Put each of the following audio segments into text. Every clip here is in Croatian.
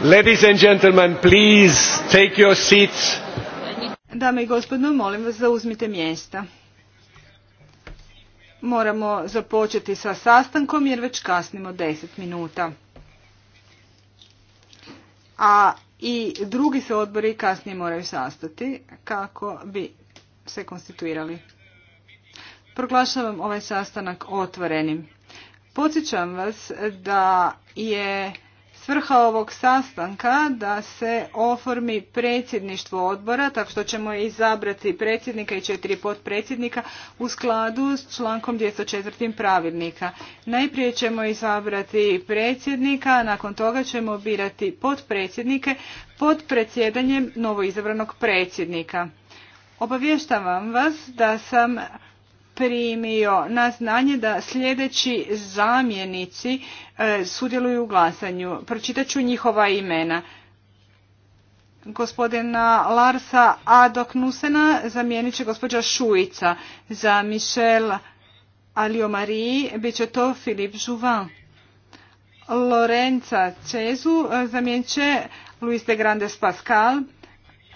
Ladies and gentlemen, please take your seats. Dame i gospodo, molim vas da uzmite mjesta. Moramo započeti sa sastankom jer već kasnimo 10 minuta. A i drugi se odbori kasnije moraju sastati kako bi se konstituirali. Proglašavam ovaj sastanak otvorenim. Podsjećam vas da je svrha ovog sastanka da se oformi predsjedništvo odbora, tako što ćemo izabrati predsjednika i četiri potpredsjednika u skladu s člankom 204. pravilnika. Najprije ćemo izabrati predsjednika, a nakon toga ćemo birati potpredsjednike pod predsjedanjem novoizabranog predsjednika. Obavještavam vas da sam primio na znanje da sljedeći zamjenici e, sudjeluju u glasanju. Pročitat ću njihova imena. Gospodina Larsa Adoknusena zamijenit će gospođa Šujica. Za Michel Mariji bit će to Filip Žuvan. Lorenza Cezu e, zamijenit će Luis de Grandes Pascal.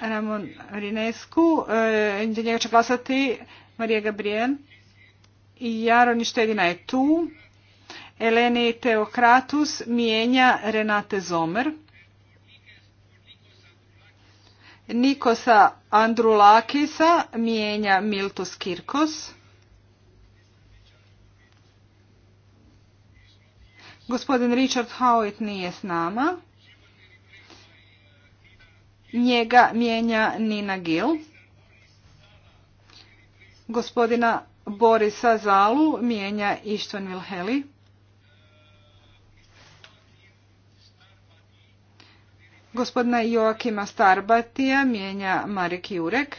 Ramon Rinescu, e, njega će glasati Marija Gabriel. I Jaroni Štedina je tu. Eleni Teokratus mijenja Renate Zomer. Nikosa Andrulakisa mijenja Miltus Kirkos. Gospodin Richard Howitt nije s nama. Njega mijenja Nina Gill. Gospodina Borisa Zalu mijenja Ištvan Vilheli. Gospodina Joakima Starbatija mijenja Marek Jurek.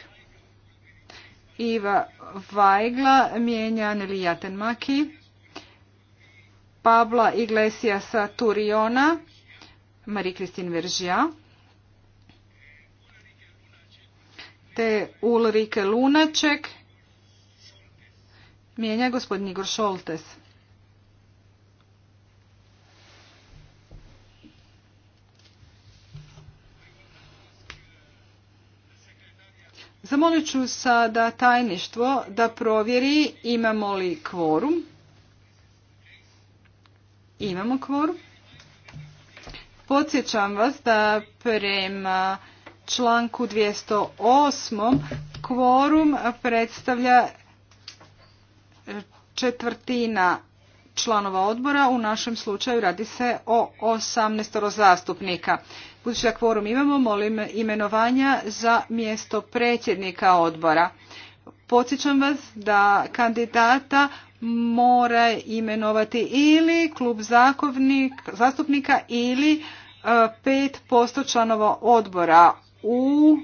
Iva Vajgla mijenja Neli Jatenmaki. Pabla Iglesija Turiona, marie kristin Veržija. Te Ulrike Lunaček mijenja gospodin Igor Šoltes. Zamolit ću sada tajništvo da provjeri imamo li kvorum. Imamo kvorum. Podsjećam vas da prema članku 208. kvorum predstavlja četvrtina članova odbora, u našem slučaju radi se o 18 zastupnika. Budući da kvorum imamo, molim imenovanja za mjesto predsjednika odbora. Podsjećam vas da kandidata mora imenovati ili klub zastupnika ili e, pet posto članova odbora u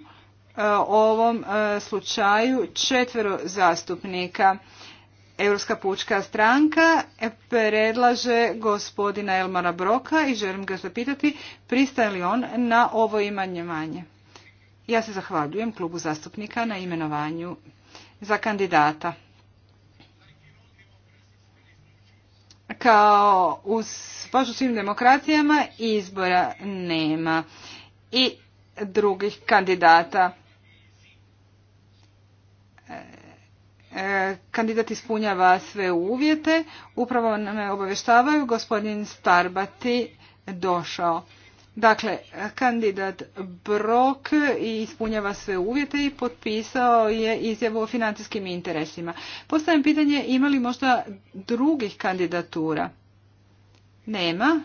e, ovom e, slučaju četvero zastupnika. Europska pučka stranka predlaže gospodina Elmara Broka i želim ga zapitati pristaje li on na ovo imanje Ja se zahvaljujem klubu zastupnika na imenovanju za kandidata. Kao u svim demokracijama izbora nema i drugih kandidata. E, kandidat ispunjava sve uvjete. Upravo je obavještavaju gospodin Starbati došao. Dakle, kandidat Brok ispunjava sve uvjete i potpisao je izjavu o financijskim interesima. Postavljam pitanje ima li možda drugih kandidatura? Nema.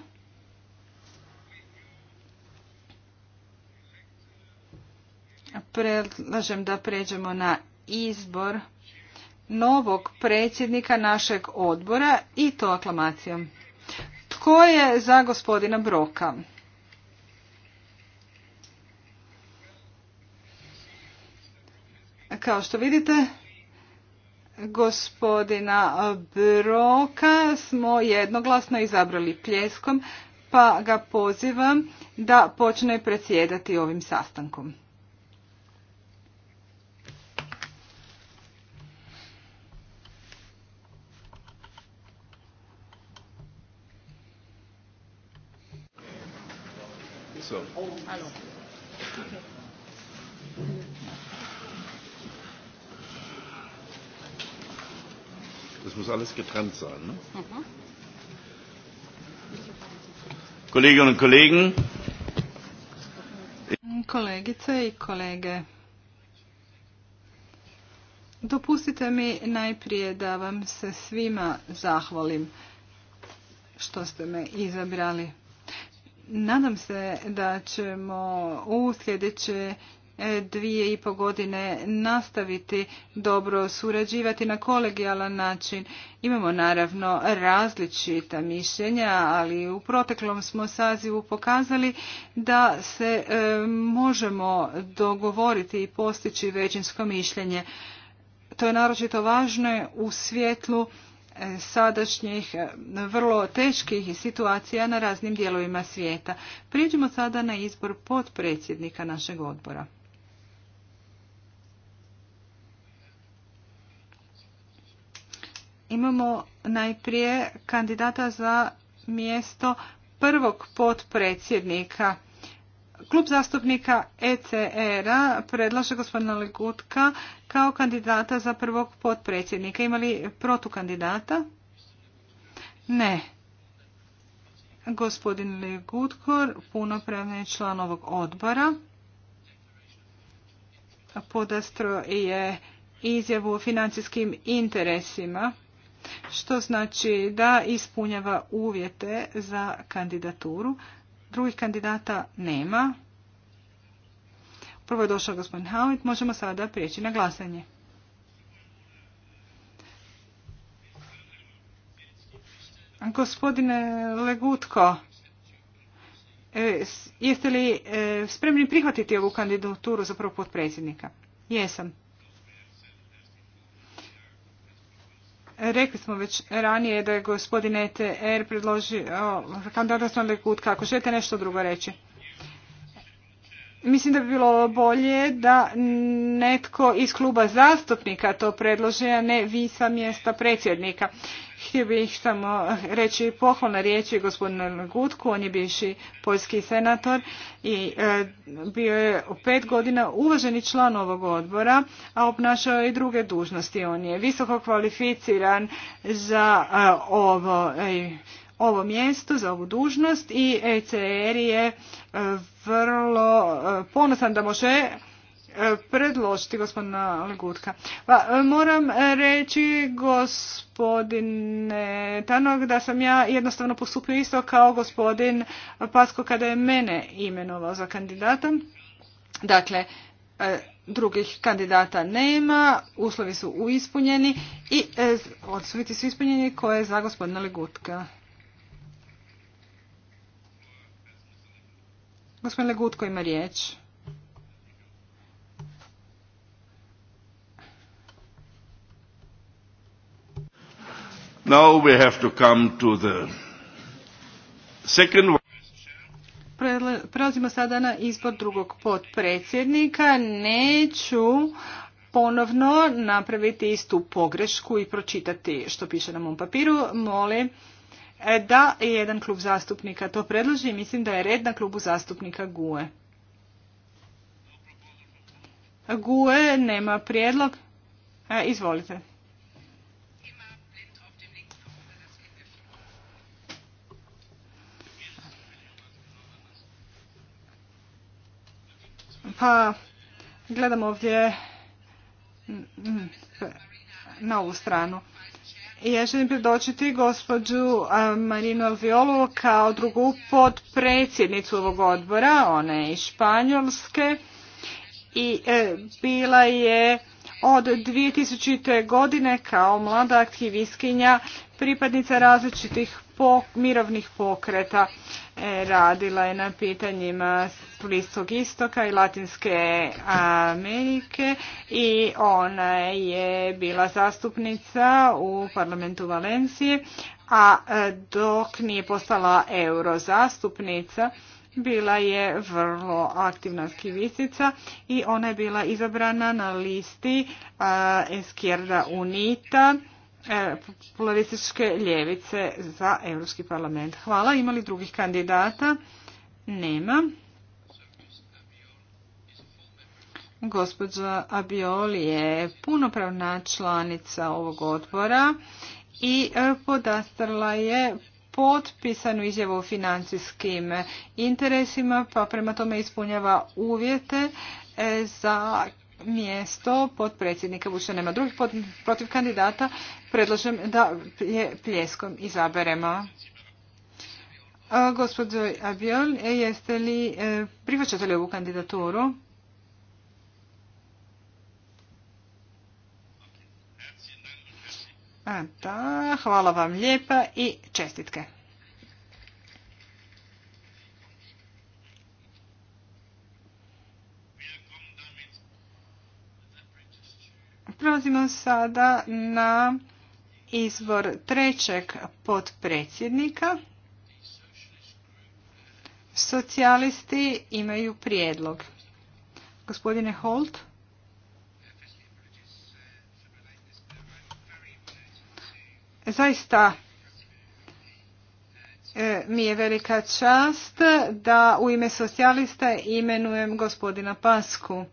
Predlažem da pređemo na izbor novog predsjednika našeg odbora i to aklamacijom. Tko je za gospodina Broka? Kao što vidite, gospodina Broka smo jednoglasno izabrali pljeskom, pa ga pozivam da počne predsjedati ovim sastankom. so. Das muss alles getrennt sein. Ne? Mhm. Kolleginnen und Kollegen. Kolegice i kolege. Dopustite mi najprije da vam se svima zahvalim što ste me izabrali. Nadam se da ćemo u sljedeće e, dvije i po godine nastaviti dobro surađivati na kolegijalan način. Imamo naravno različita mišljenja, ali u proteklom smo sazivu pokazali da se e, možemo dogovoriti i postići većinsko mišljenje. To je naročito važno u svjetlu sadašnjih eh, vrlo teških situacija na raznim dijelovima svijeta. Prijeđemo sada na izbor potpredsjednika našeg odbora. Imamo najprije kandidata za mjesto prvog potpredsjednika Klub zastupnika ECR-a predlaže gospodina Legutka kao kandidata za prvog potpredsjednika. Ima li protukandidata? Ne. Gospodin Legutkor, punopravni član ovog odbora. Podastro je izjavu o financijskim interesima, što znači da ispunjava uvjete za kandidaturu. Drugih kandidata nema. Prvo je došao gospodin Howitt, možemo sada prijeći na glasanje. Gospodine Legutko, e, jeste li e, spremni prihvatiti ovu kandidaturu za prvog potpredsjednika? Jesam. Rekli smo već ranije da je gospodin ETR predložio kandidata Legutko. Ako želite nešto drugo reći. Mislim da bi bilo bolje da netko iz kluba zastupnika to predlože, a ne vi sa mjesta predsjednika. Htio bih samo reći pohvalne riječi gospodinu Gutku, on je bivši poljski senator i e, bio je pet godina uvaženi član ovog odbora, a obnašao je i druge dužnosti. On je visoko kvalificiran za e, ovo e, ovo mjesto, za ovu dužnost i ECR je e, vrlo e, ponosan da može e, predložiti gospodina Legutka. Pa, moram reći gospodine Tanog da sam ja jednostavno postupio isto kao gospodin Pasko kada je mene imenovao za kandidata. Dakle, drugih kandidata nema, uslovi su ispunjeni i odsuviti su ispunjeni koje je za gospodina Legutka. Gospodin Legutko ima riječ. we have to come to the second Prelazimo sada na izbor drugog potpredsjednika. Neću ponovno napraviti istu pogrešku i pročitati što piše na mom papiru. Molim E, da jedan klub zastupnika to predloži i mislim da je red na klubu zastupnika GUE. GUE nema prijedlog. E, izvolite. Pa, gledam ovdje na ovu stranu. Ja želim predočiti gospođu Marinu Alviolu kao drugu podpredsjednicu ovog odbora, one iz Španjolske i e, bila je od 2000. godine kao mlada aktivistkinja pripadnica različitih mirovnih pokreta e, radila je na pitanjima Bliskog istoka i Latinske Amerike i ona je bila zastupnica u parlamentu Valencije, a e, dok nije postala eurozastupnica, bila je vrlo aktivna aktivistica i ona je bila izabrana na listi Eskjerda Unita e, populističke ljevice za Europski parlament. Hvala. Ima li drugih kandidata? Nema. Gospođa Abiol je punopravna članica ovog odbora i e, podastrla je potpisanu izjavu o financijskim interesima, pa prema tome ispunjava uvjete e, za mjesto potpredsjednika. Vuče nema drugih protiv kandidata, predlažem da je pljeskom izaberemo. E, Gospod Abiol, e, jeste li, prihvaćate li ovu kandidaturu? hvala vam lijepa i čestitke. Prelazimo sada na izbor trećeg podpredsjednika. Socijalisti imaju prijedlog. Gospodine Holt. Zaista e, mi je velika čast da u ime socijalista imenujem gospodina Pasku.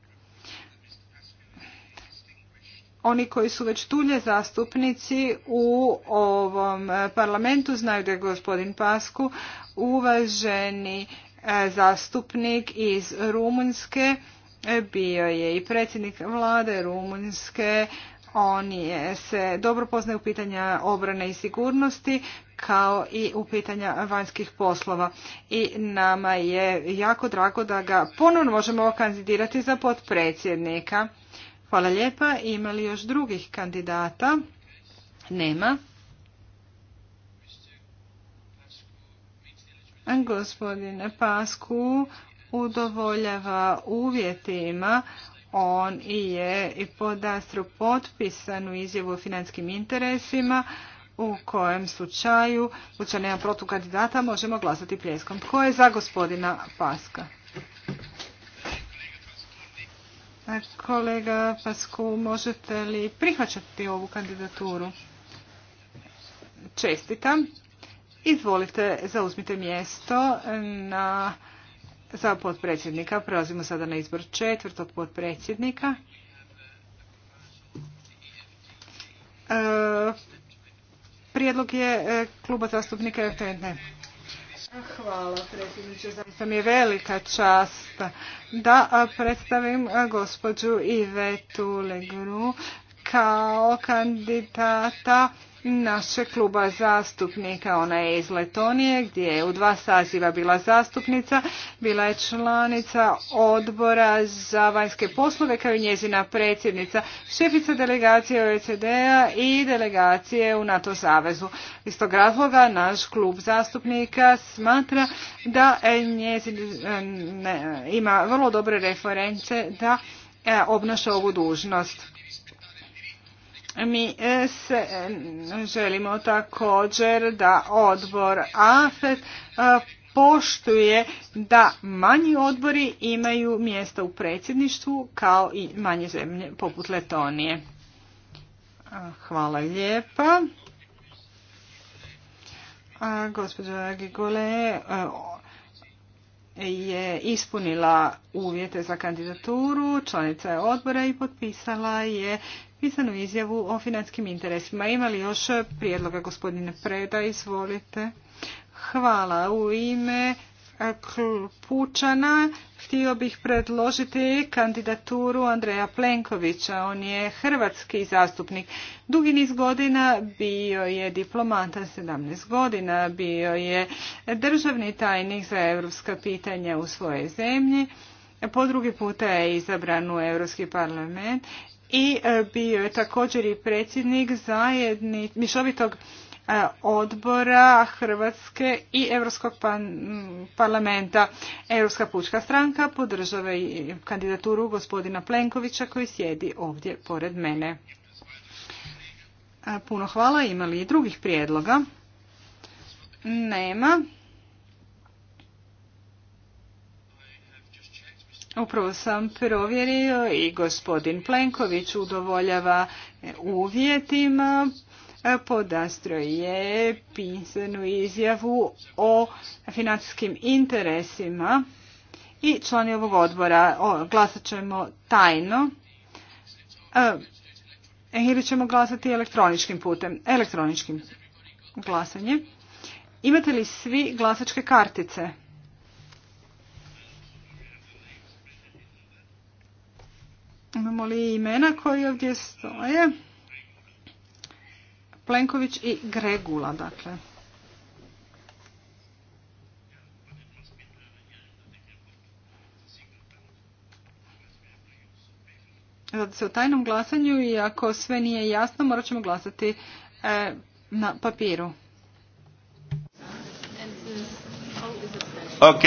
Oni koji su već dulje zastupnici u ovom e, parlamentu znaju da je gospodin Pasku uvaženi e, zastupnik iz Rumunjske, bio je i predsjednik vlade Rumunjske, oni se dobro poznaju pitanja obrane i sigurnosti kao i u pitanja vanjskih poslova. I nama je jako drago da ga ponovno možemo kandidirati za potpredsjednika. Hvala lijepa. Ima li još drugih kandidata? Nema. Gospodine Pasku udovoljava uvjetima on je i podastru potpisanu izjavu o financijskim interesima u kojem slučaju, slučaj nema protukandidata, možemo glasati pljeskom. Tko je za gospodina Paska? Kolega Pasku, možete li prihvaćati ovu kandidaturu? Čestitam. Izvolite, zauzmite mjesto na za potpredsjednika. Prelazimo sada na izbor četvrtog potpredsjednika. E, prijedlog je e, kluba zastupnika FND. Hvala predsjedniče, mi je velika čast da predstavim gospođu Ivetu Legru kao kandidata naše kluba zastupnika. Ona je iz Letonije gdje je u dva saziva bila zastupnica, bila je članica odbora za vanjske poslove kao i njezina predsjednica, šefica delegacije OECD-a i delegacije u NATO savezu. Iz tog razloga naš klub zastupnika smatra da njezin ima vrlo dobre reference da e, obnaša ovu dužnost. Mi e, se e, želimo također da odbor AFET e, poštuje da manji odbori imaju mjesta u predsjedništvu kao i manje zemlje poput Letonije. Hvala lijepa. A gospođa Gigole je ispunila uvjete za kandidaturu, članica je odbora i potpisala je pisanu izjavu o financijskim interesima. Ima li još prijedloga gospodine Preda? Izvolite. Hvala. U ime e, Pučana htio bih predložiti kandidaturu Andreja Plenkovića. On je hrvatski zastupnik. Dugi niz godina bio je diplomata, 17 godina bio je državni tajnik za europska pitanja u svojoj zemlji. Po drugi puta je izabran u Europski parlament i e, bio je također i predsjednik zajedni, mišovitog e, odbora Hrvatske i Europskog parlamenta. Europska pučka stranka podržava i kandidaturu gospodina Plenkovića koji sjedi ovdje pored mene. E, puno hvala. Imali li i drugih prijedloga? Nema. Upravo sam provjerio i gospodin Plenković udovoljava uvjetima. E, podastro je pisanu izjavu o financijskim interesima i člani ovog odbora. glasat ćemo tajno e, ili ćemo glasati elektroničkim putem. Elektroničkim glasanje. Imate li svi glasačke kartice? Imamo li imena koji ovdje stoje? Plenković i Gregula, dakle. Zato se u tajnom glasanju i ako sve nije jasno morat ćemo glasati e, na papiru. Ok.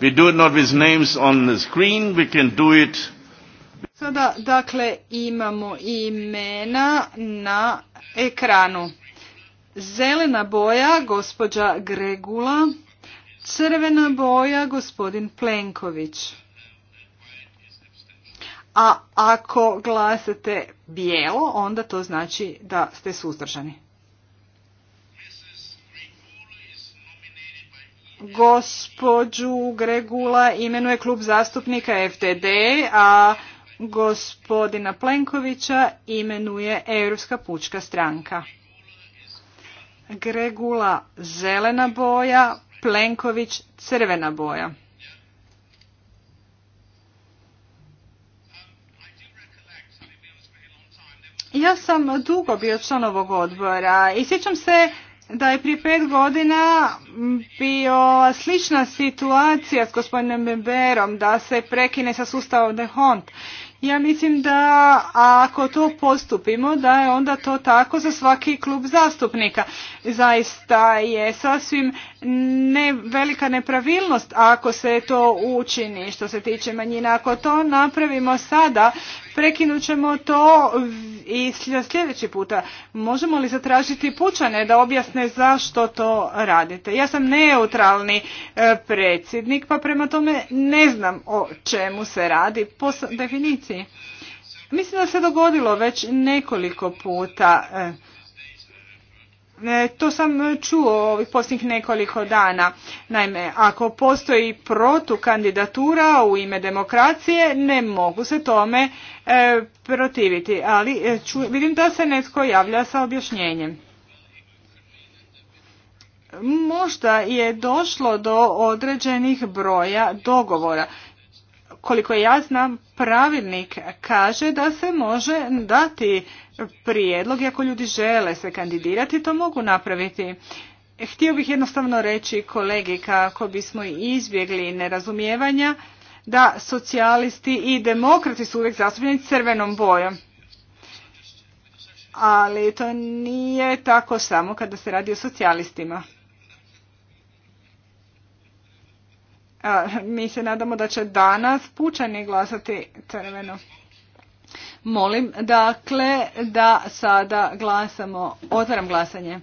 We do it not with names on the screen, we can do it Sada dakle imamo imena na ekranu. Zelena boja gospođa Gregula, crvena boja gospodin Plenković. A ako glasate bijelo, onda to znači da ste suzdržani. Gospođu Gregula imenuje klub zastupnika FTD, a gospodina Plenkovića imenuje Europska pučka stranka. Gregula zelena boja, Plenković crvena boja. Ja sam dugo bio član ovog odbora i sjećam se da je prije pet godina bio slična situacija s gospodinom Beberom da se prekine sa sustavom de Hont ja mislim da ako to postupimo, da je onda to tako za svaki klub zastupnika. Zaista je sasvim ne, velika nepravilnost ako se to učini što se tiče manjina. Ako to napravimo sada, prekinut ćemo to i sljedeći puta. Možemo li zatražiti pučane da objasne zašto to radite? Ja sam neutralni e, predsjednik, pa prema tome ne znam o čemu se radi po definiciji. Mislim da se dogodilo već nekoliko puta e, E, to sam čuo ovih posljednjih nekoliko dana. Naime, ako postoji protukandidatura u ime demokracije, ne mogu se tome e, protiviti. Ali e, vidim da se netko javlja sa objašnjenjem. Možda je došlo do određenih broja dogovora koliko ja znam, pravilnik kaže da se može dati prijedlog i ako ljudi žele se kandidirati, to mogu napraviti. Htio bih jednostavno reći kolegi kako bismo izbjegli nerazumijevanja da socijalisti i demokrati su uvijek zastupljeni crvenom bojom. Ali to nije tako samo kada se radi o socijalistima. mi se nadamo da će danas pučani glasati crveno. Molim dakle da sada glasamo. Otvaram glasanje.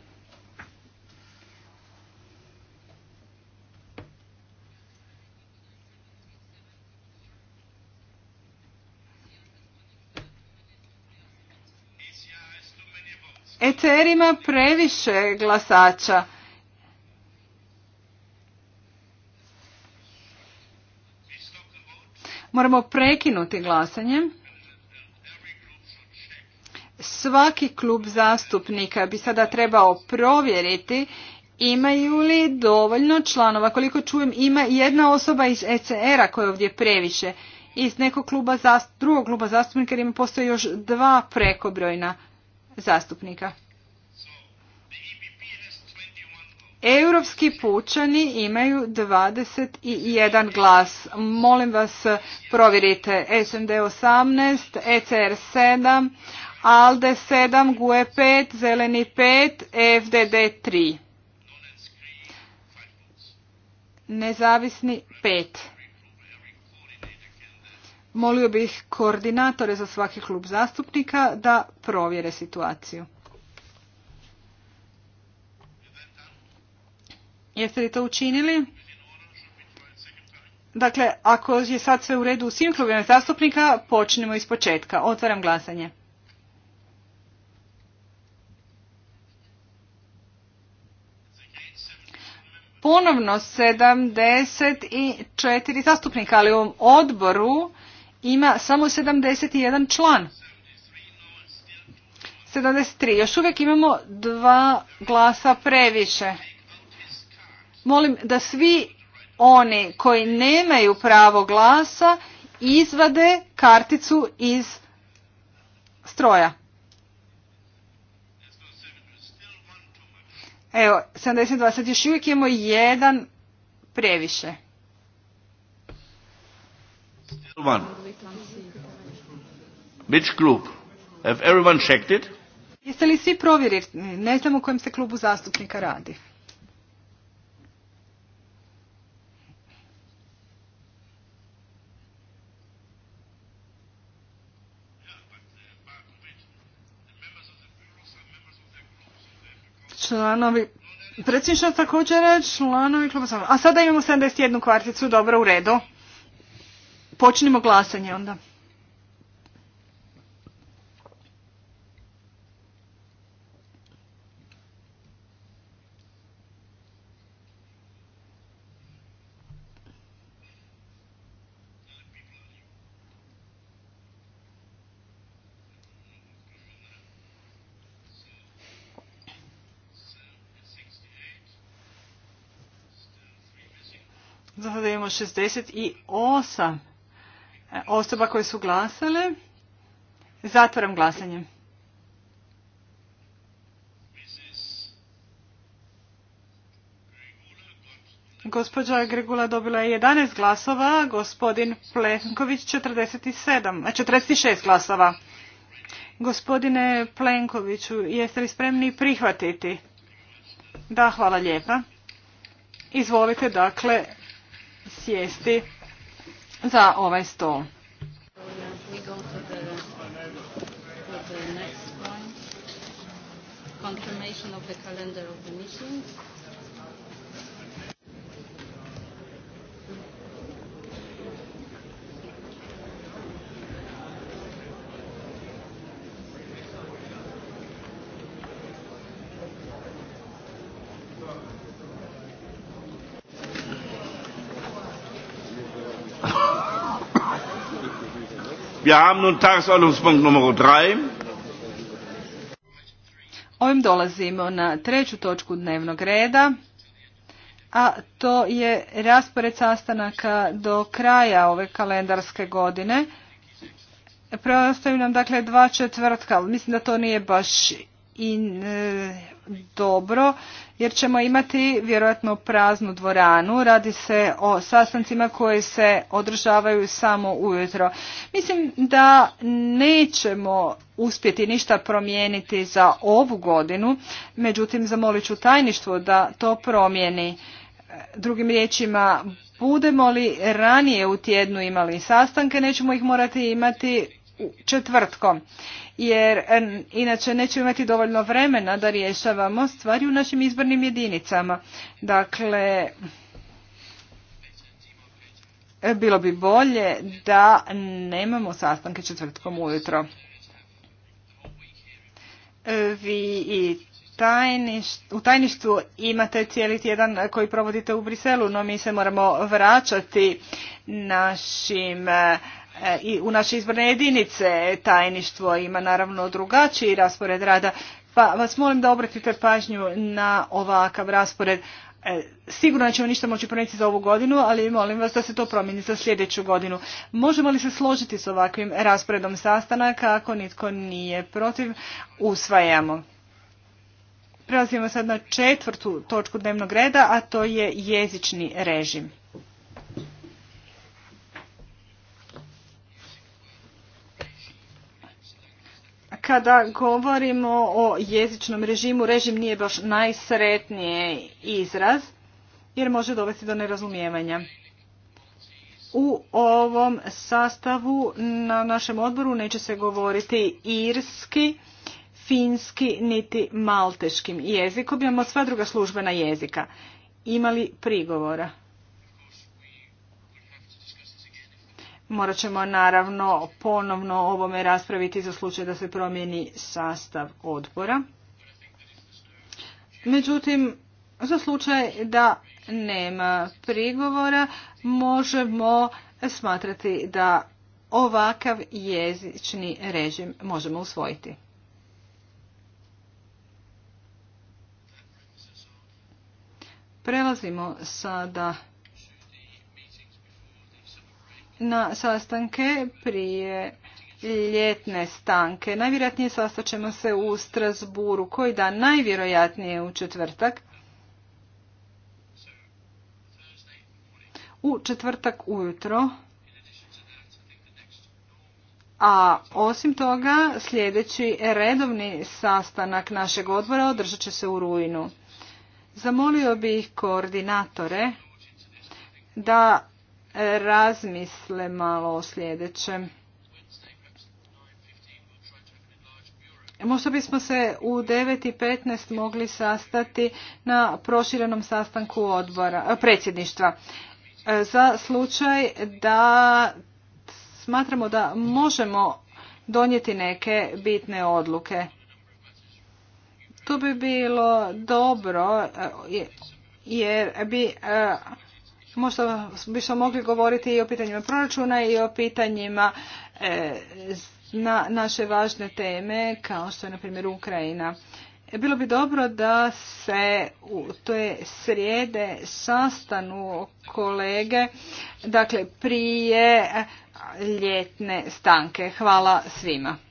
ECR ima previše glasača. Moramo prekinuti glasanje. Svaki klub zastupnika bi sada trebao provjeriti imaju li dovoljno članova. Koliko čujem ima jedna osoba iz ECR-a koja je ovdje previše. Iz nekog kluba, drugog kluba zastupnika jer ima postoje još dva prekobrojna zastupnika. Europski pučani imaju 21 glas. Molim vas provjerite SMD 18, ECR 7, ALDE 7, GUE 5, Zeleni 5, FDD 3. Nezavisni 5. Molio bih koordinatore za svaki klub zastupnika da provjere situaciju. Jeste li to učinili? Dakle, ako je sad sve u redu u svim klubima zastupnika, počnemo iz početka. Otvaram glasanje. Ponovno 74 zastupnika, ali u ovom odboru ima samo 71 član. 73. Još uvijek imamo dva glasa previše molim da svi oni koji nemaju pravo glasa izvade karticu iz stroja. Evo, 72, sad još uvijek imamo jedan previše. Jeste li svi provjerili? Ne znam u kojem se klubu zastupnika radi. Članovi predsjedništva također članovi kluba A sada imamo 71 kvarticu, dobro u redu. Počnimo glasanje onda. 68 e, osoba koje su glasale. Zatvaram glasanje. Gospođa Gregula dobila je 11 glasova, gospodin Plenković 47, 46 e, glasova. Gospodine Plenkoviću, jeste li spremni prihvatiti? Da, hvala lijepa. Izvolite, dakle, sjesti za ovaj stol. confirmation of the calendar of the meetings. Wir haben 3. Ovim dolazimo na treću točku dnevnog reda, a to je raspored sastanaka do kraja ove kalendarske godine. Preostaju nam dakle dva četvrtka, ali mislim da to nije baš i e, dobro jer ćemo imati vjerojatno praznu dvoranu. Radi se o sastancima koji se održavaju samo ujutro. Mislim da nećemo uspjeti ništa promijeniti za ovu godinu, međutim zamolit ću tajništvo da to promijeni. Drugim riječima, budemo li ranije u tjednu imali sastanke, nećemo ih morati imati četvrtkom. Jer inače nećemo imati dovoljno vremena da rješavamo stvari u našim izbornim jedinicama. Dakle, bilo bi bolje da nemamo sastanke četvrtkom ujutro. Vi u tajništvu imate cijeli tjedan koji provodite u Briselu, no mi se moramo vraćati našim E, i u naše izborne jedinice tajništvo ima naravno drugačiji raspored rada, pa vas molim da obratite pažnju na ovakav raspored. E, sigurno nećemo ništa moći promijeniti za ovu godinu, ali molim vas da se to promijeni za sljedeću godinu. Možemo li se složiti s ovakvim rasporedom sastanaka ako nitko nije protiv? Usvajamo. Prelazimo sad na četvrtu točku dnevnog reda, a to je jezični režim. kada govorimo o jezičnom režimu, režim nije baš najsretniji izraz, jer može dovesti do nerazumijevanja. U ovom sastavu na našem odboru neće se govoriti irski, finski, niti malteškim jezikom. Imamo sva druga službena jezika. Imali prigovora? Morat ćemo naravno ponovno ovome raspraviti za slučaj da se promijeni sastav odbora. Međutim, za slučaj da nema prigovora, možemo smatrati da ovakav jezični režim možemo usvojiti. Prelazimo sada na sastanke prije ljetne stanke. Najvjerojatnije ćemo se u Strasburu, koji dan najvjerojatnije u četvrtak. U četvrtak ujutro. A osim toga, sljedeći redovni sastanak našeg odbora održat će se u rujnu. Zamolio bih koordinatore da razmisle malo o sljedećem. Možda bismo se u 9.15 mogli sastati na proširenom sastanku odbora, eh, predsjedništva. Eh, za slučaj da smatramo da možemo donijeti neke bitne odluke. To bi bilo dobro eh, jer bi Možda bismo mogli govoriti i o pitanjima proračuna i o pitanjima e, na naše važne teme kao što je na primjer Ukrajina. E, bilo bi dobro da se u te srijede sastanu kolege, dakle prije ljetne stanke. Hvala svima.